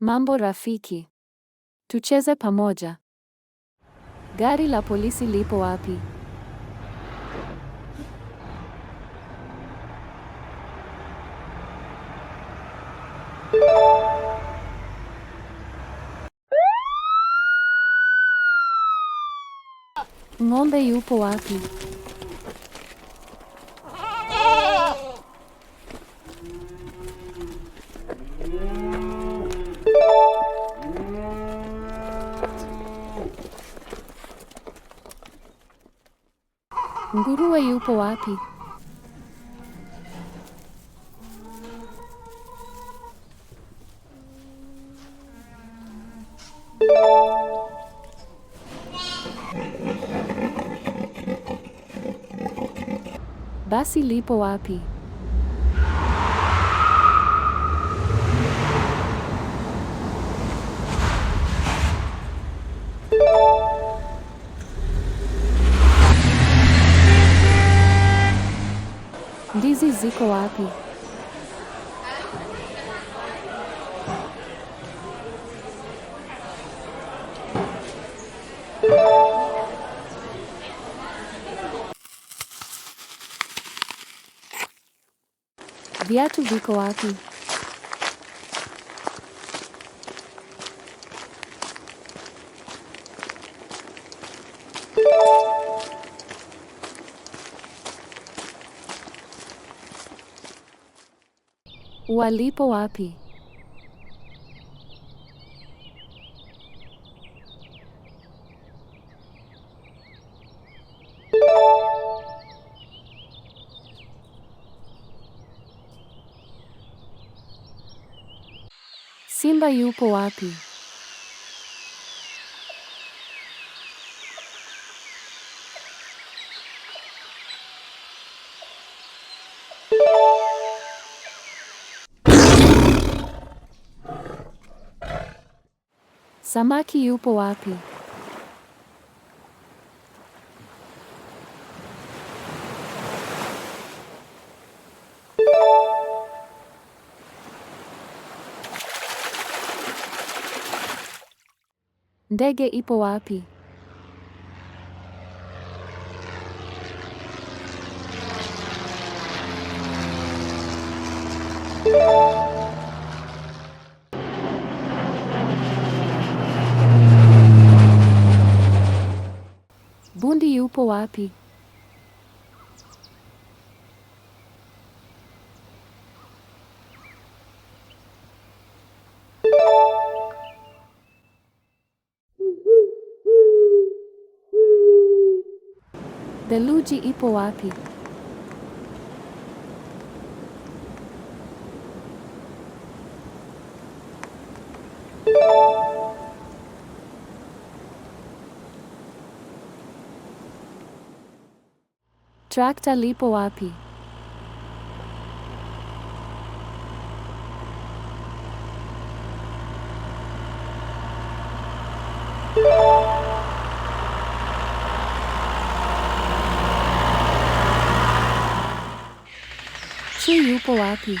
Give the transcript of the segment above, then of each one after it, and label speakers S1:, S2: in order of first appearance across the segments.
S1: Mambo rafiki, tucheze pamoja. Gari la polisi lipo wapi? Ng'ombe yupo wapi? Guru yupo é wapi? Basi lipo wapi? hizi ziko wapi? Viatu viko wapi? Walipo wapi? Simba yupo wapi? Samaki yupo wapi? Ndege ipo wapi? wapi? Theluji ipo wapi? Trakta lipo wapi? Chui yupo wapi?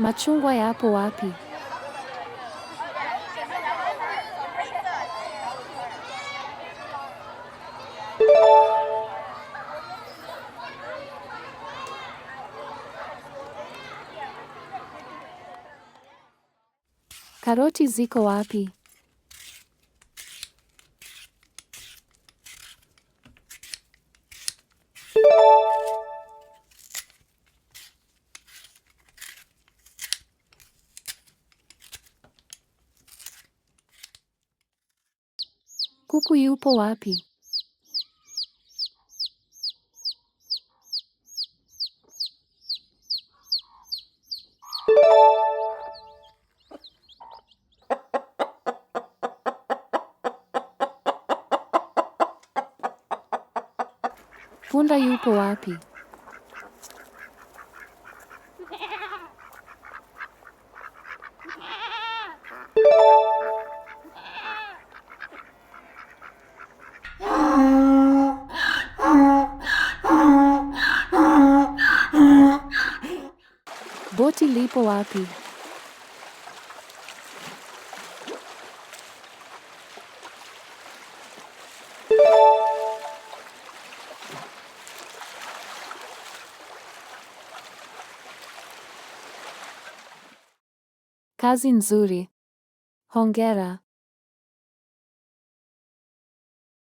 S1: Machungwa yapo wapi? Karoti ziko wapi? Kuku yupo wapi? Punda yupo wapi? silipo wapi. Kazi nzuri. Hongera.